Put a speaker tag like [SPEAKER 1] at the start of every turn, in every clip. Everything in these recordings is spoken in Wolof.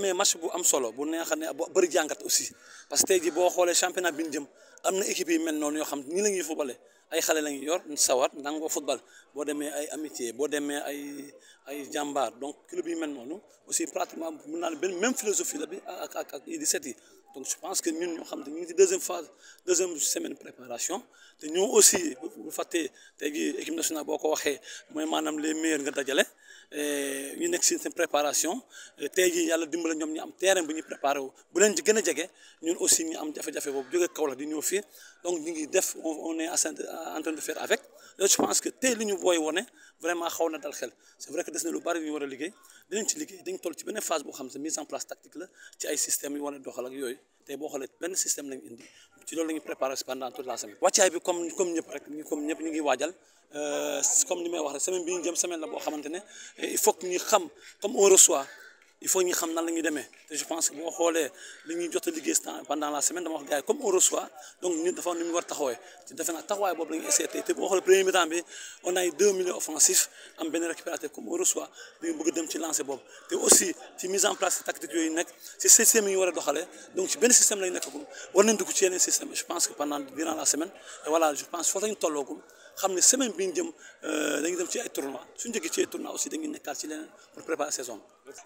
[SPEAKER 1] mais match bu am solo bu neexa ne bu bëri jàngat aussi parce que tey jii boo xoolee championnat bi ñu jëm am na équipe yi mel noonu yoo xam ni la ñuy fubale ay xale la ñuy yor sawar nangoo football boo demee ay amitié boo demee ay ay jàmbaar donc club yi mel noonu aussi pratiquement mun naa ne benn même philosophie la bi ak ak ak di 17 yi donc je pense que ñun ñoo xam te ñu ngi deuxième phase deuxième semaine préparation te ñoo aussi bu fàttee tey jii équipe nationale boo ko waxee mooy maanaam les meilleurs nga dajale. Eh, ñu nekk seen seen préparation eh, tey jii yàlla dimbala ñoom ñu am terrain bu ñuy préparé wu bu leen gën a jege ñun aussi ñu am jafe-jafe boobu jóge kaw la di ñëw fii donc ñu ngi def on est en train de faire avec je pense que tey li ñu booy wone vraiment xaw na dal xel c'est vrai que des na lu bari ñu war a liggéey dinañ ci liggéey dañ toll ci benn phase boo xam ne mise en place tactique la ci ay système yu war a doxal ak yooyu tey boo xoolee benn système lañ indi ci loolu la ñuy préparé pendant toute la semaine wàccaay bi comme comme ñëpp rek comme ñëpp ñu ngi waajal euh, comme ni may wax rek semaine bi ñu jëm semaine la boo xamante ne il faut que ñu xam comme on reçoit il faut ni xam nan la ñuy je pense que boo xoolee li ñuy de a pendant la semaine de wax comme on reçoit donc nous dafa nous voir ñu war taxawee te defe naa taxawaay boobu la ñu essayé tey premier mi-temps bi on a eu deux milieux offensifs am benn récupérateur comme on reçoit dañu bëgg dem ci lancer boobu te aussi ci mise en place tactique yooyu nekk ci système yi ñu war a doxalee donc ci benn système la ñu on war nañ dugg ci yeneen système je pense que pendant durant la semaine et voilà je pense foofu la ñu tolloogul xam ne semaine bi ñu jëm euh, dañu dem ci ay tournoi suñu jógee ci ay tournoi aussi dañuy nekkaat ci leneen pour préparer saison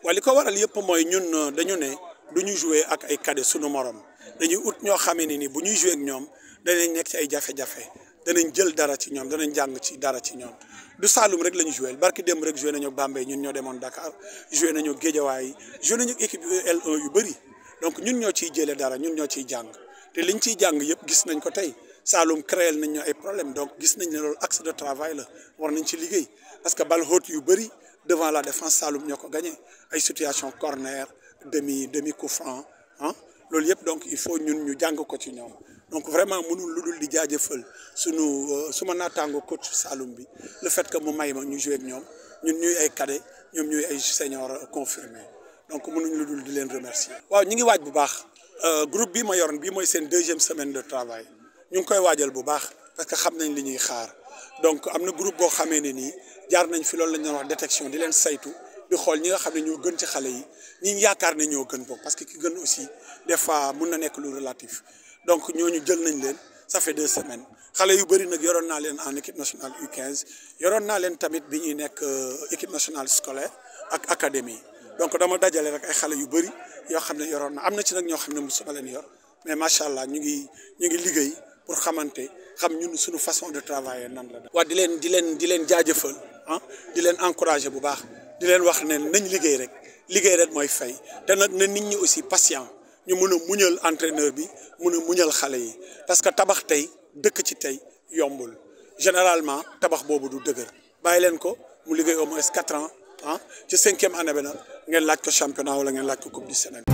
[SPEAKER 1] waaye li ko waral yëpp mooy ñun euh, dañu ne du ñu jouer ak ay cadets suñu morom
[SPEAKER 2] dañuy ut ñoo xamee ne ni bu ñuy jouer ñoom danañ nekk ci ay jafe-jafe danañ jël dara ci ñoom danañ jàng ci dara ci ñoom du Saloum rek la ñu joué barki démb rek joué nañu ak ñun ñoo demoon Dakar joué nañu Guédiawaye joué nañu équipe L1 yu bëri donc ñun ñoo ciy jëlee dara ñun ñoo ciy jàng te liñ ciy jàng yëpp gis nañ ko tey Saloum a créé des ay problème donc gis nañ ne loolu axe de travail la war ci parce que balle haute yu bëri devant la défense Saloum Il ko gagné ay situation corner demi demi coup franc Hein? donc il faut ñun ñu jàng ko ci donc vraiment mënul lu dul di jaajëfal Nous nous ma coach Saloum le fait que mu may ma ñu joué ak ñoom ñun ñuy ay cadet ñoom ay senior confirmé donc nous lu dul di leen remercier. waaw ñu ngi bu euh, groupe bi ma yoroon deuxième semaine de travail. ñu ngi koy waajal bu baax parce que xam nañ li ñuy xaar donc am na groupe boo xamee ne nii jaar nañ fi loolu la ñuy wax détection di leen saytu di xool ñi nga xam ne ñoo gën ci xale yi ñi yaakaar ne ñoo gën parce que gën aussi des fois mun na nekk lu relatif donc ñooñu jël nañ leen ça fait deux semaines xale yu bëri nag yoroon naa leen en équipe nationale U15 yoroon naa leen tamit bi ñuy nekk euh, équipe nationale scolaire ak académie donc dama dajale rek ay xale yu bëri yoo xam ne yoroon na am na ci nag ñoo xam ne mosuma leen yor mais macha allah ñu ngi ñu ngi liggéey. pour xamanté xam ñun suñu façon de travailler nan la. wa di len di len di len jaajëfal ah di len encourager bu baax di len wax ne nañ liggéey rek liggéey rek moy fay té nak na nit ñi aussi patient ñu mëna muñal entraîneur bi mëna muñal xalé yi parce que tabax tay dëkk ci tay yombul généralement tabax bobu du dëgër bay len ko mu liggéey au moins quatre ans ah ci 5e année bi nag ngeen laaj ko championnat wala ngeen laaj ko coupe du Sénégal.